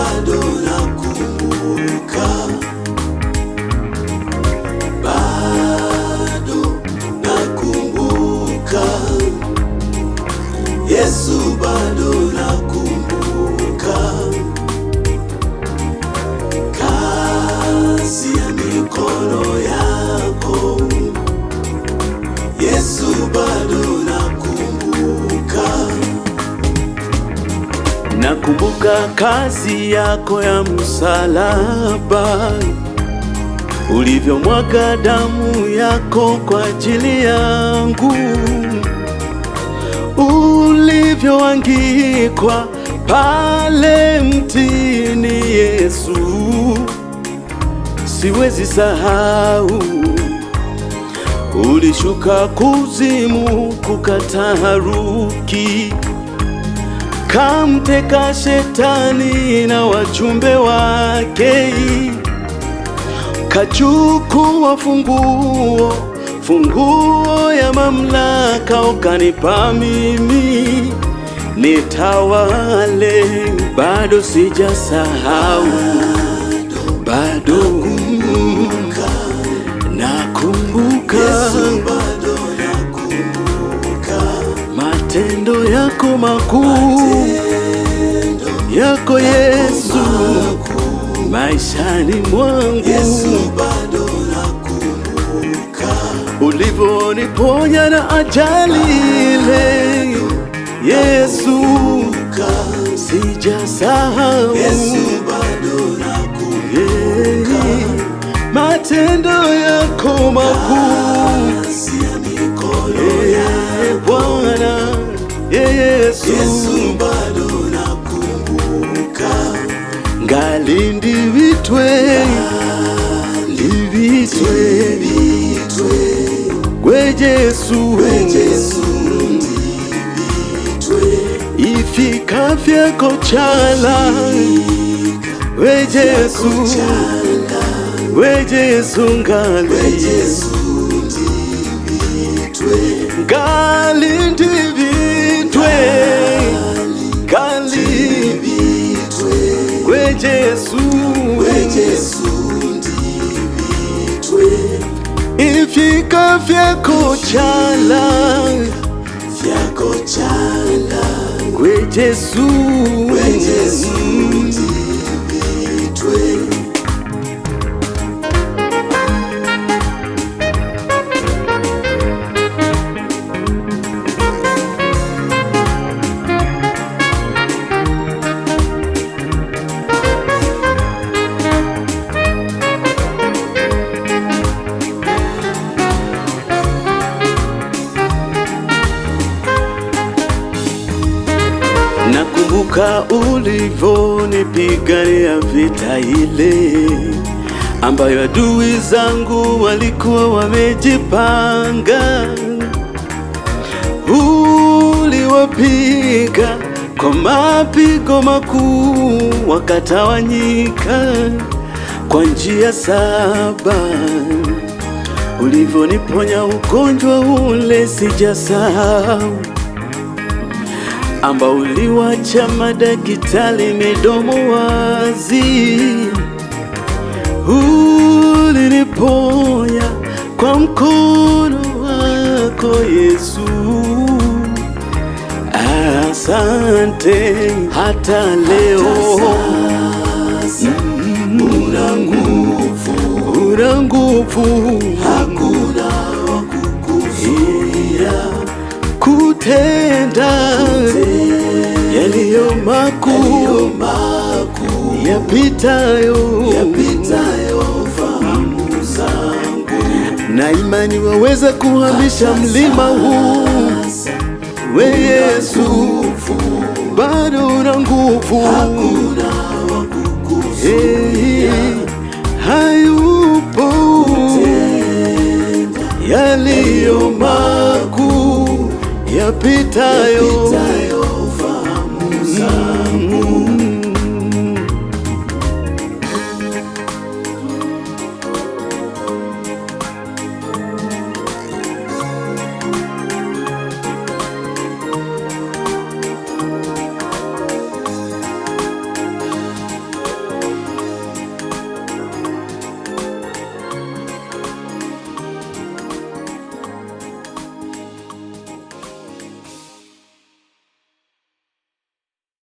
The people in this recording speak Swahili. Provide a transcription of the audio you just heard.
bado bado nakumbuka Yesu, bado kazi ya mikono yako Yesu, bado Nakumbuka kazi yako ya msalaba, ulivyomwaga damu yako kwa ajili yangu, ulivyoangikwa pale mtini, Yesu siwezi sahau. Ulishuka kuzimu, kukataharuki kamteka shetani na wajumbe wake, kachukua funguo, funguo ya mamlaka, ukanipa mimi nitawale. Bado sijasahau, bado nakumbuka matendo yako makuu Yesu maishani mwangu, Yesu bado nakumbuka ulivyoniponya na ajali ile, Yesu sijasahau libitwe gwe Yesu ifikafye kochala we Yesu we Yesu ngali ngali ndivitwe vyakotshala vyakotshala kwejesu kwejesu Nakumbuka ulivyonipigania vita ile ambayo adui zangu walikuwa wamejipanga, uliwapiga kwa mapigo makuu, wakatawanyika kwa njia saba. Ulivyoniponya ugonjwa ule sijasahau, ambao uliwa cha madakitali, midomo wazi, uliniponya kwa mkono wako Yesu, asante. Hata leo una nguvu, una nguvu, hakuna wakukuzuia kutenda makuu maku, yapitayo fahamu zangu, na imani waweza kuhamisha mlima huu. We Yesu bado una nguvu, hey, hayupo yaliyo makuu yapitayo zangu